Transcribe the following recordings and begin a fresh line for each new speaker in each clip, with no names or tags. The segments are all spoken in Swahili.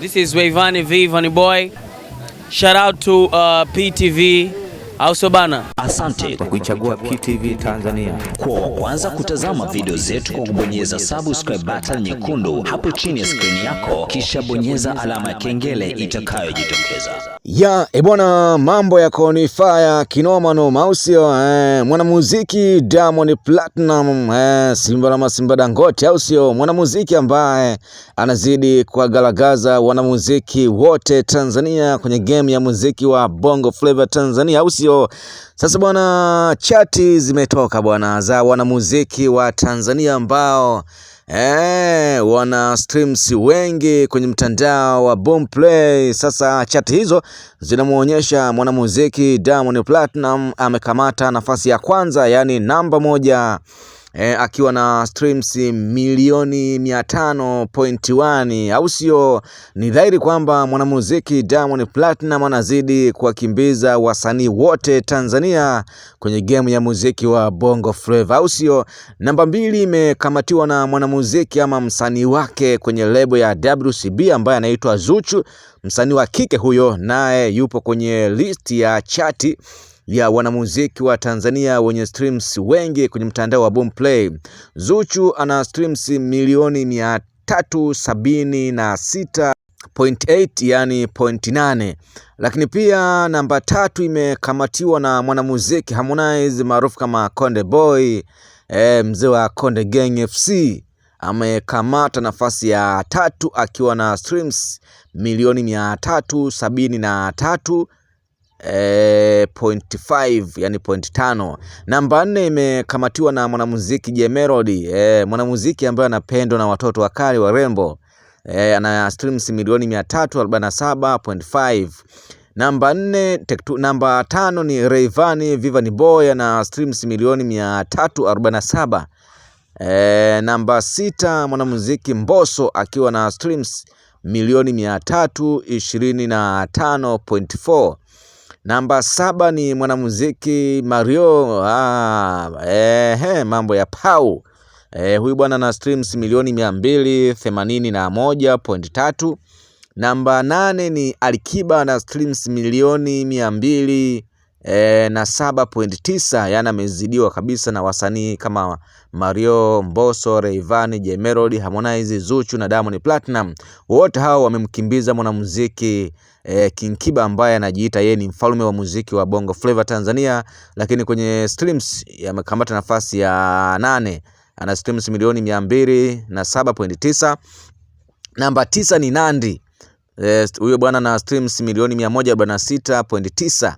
This is Wayvani V, Vani Boy. Shout out to uh, PTV au sio bana?
Asante kwa kuichagua PTV Tanzania. Kwa wa kwanza kutazama video zetu kwa kubonyeza subscribe button nyekundu hapo chini ya skrini yako, kisha bonyeza alama ya kengele itakayojitokeza.
Ya ebwana, mambo yako ni fire kinoma no mausio eh, mwanamuziki Diamond Platinum eh, Simba la Simba Dangote, au sio? Mwanamuziki ambaye anazidi kuwagaragaza wanamuziki wote Tanzania kwenye game ya muziki wa Bongo Flava Tanzania, au sio? hiyo. Sasa bwana, chati zimetoka bwana za wanamuziki wa Tanzania ambao Eh, wana streams wengi kwenye mtandao wa Boomplay. Sasa chati hizo zinamwonyesha mwanamuziki Diamond Platinum amekamata nafasi ya kwanza, yani namba moja e, akiwa na streams milioni 500.1, au sio? Ni dhahiri kwamba mwanamuziki Diamond Platinum anazidi kuwakimbiza wasanii wote Tanzania kwenye gemu ya muziki wa Bongo Flava, au sio? Namba mbili imekamatiwa na mwanamuziki ama msanii wake kwenye lebo ya WCB ambaye anaitwa Zuchu, msanii wa kike huyo, naye yupo kwenye listi ya chati ya wanamuziki wa Tanzania wenye streams wengi kwenye mtandao wa Boomplay. Zuchu ana streams milioni 376 point 8 yani point lakini pia namba tatu imekamatiwa na mwanamuziki Harmonize maarufu kama Konde Boy. E, mzee wa Konde Gang FC amekamata nafasi ya tatu akiwa na streams milioni mia tatu sabini na tatu e, point 5 yani point 5. Namba 4 imekamatiwa na mwanamuziki Jay eh, mwanamuziki ambaye anapendwa na watoto wakali warembo. Eh, ana streams milioni 347.5. Namba 4, namba 5 ni Rayvanny Vivian ni Boy ana streams milioni 347. Eh, namba sita mwanamuziki Mbosso akiwa na streams milioni mia tatu ishirini na tano point four. Namba saba ni mwanamuziki Mario ah, eh, mambo ya Pau eh, huyu bwana na streams milioni mia mbili themanini na moja point tatu. Namba nane ni Alikiba na streams milioni mia mbili e, na 7.9 yani amezidiwa kabisa na wasanii kama Mario Mbosso, Rayvanny, Jay Melody, Harmonize, Zuchu na Diamond Platinum. Wote hao wamemkimbiza mwanamuziki e, King Kiba ambaye anajiita yeye ni mfalme wa muziki wa Bongo Flava Tanzania, lakini kwenye streams yamekamata nafasi ya nane ana streams milioni mia mbili na saba pointi tisa. Namba tisa ni Nandi e, huyo, e, bwana na streams milioni mia moja arobaini na sita pointi tisa.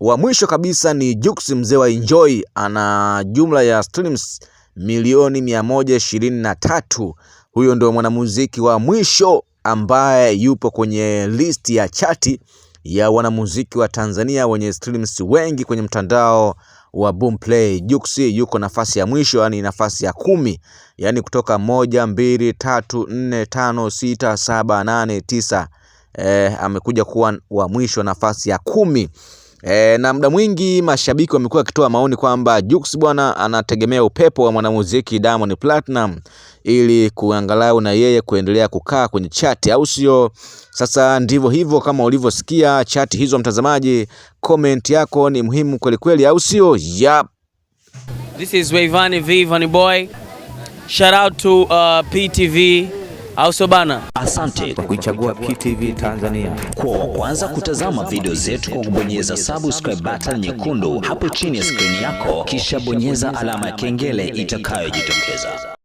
Wa mwisho kabisa ni Jux mzee wa Enjoy, ana jumla ya streams milioni 123. Huyo ndio mwanamuziki wa mwisho ambaye yupo kwenye list ya chati ya wanamuziki wa Tanzania wenye streams wengi kwenye mtandao wa Boomplay. Jux yuko nafasi ya mwisho, yani nafasi ya kumi, yani kutoka moja, mbili, tatu, nne, tano, sita, saba, nane, tisa. Eh, amekuja kuwa wa mwisho nafasi ya kumi. E, na muda mwingi mashabiki wamekuwa wakitoa maoni kwamba Jux bwana anategemea upepo wa mwanamuziki Diamond Platinum ili kuangalau na yeye kuendelea kukaa kwenye chati, au sio? Sasa ndivyo hivyo, kama ulivyosikia chati hizo, mtazamaji, comment yako ni muhimu kweli kweli, au sio? Yep.
This is Wayvani V, boy. Shout out to uh, PTV au sio bana?
Asante kwa kuichagua PTV Tanzania. Kwa wa kwanza kutazama video zetu kwa kubonyeza subscribe button nyekundu hapo chini ya skrini yako, kisha bonyeza alama ya kengele itakayojitokeza.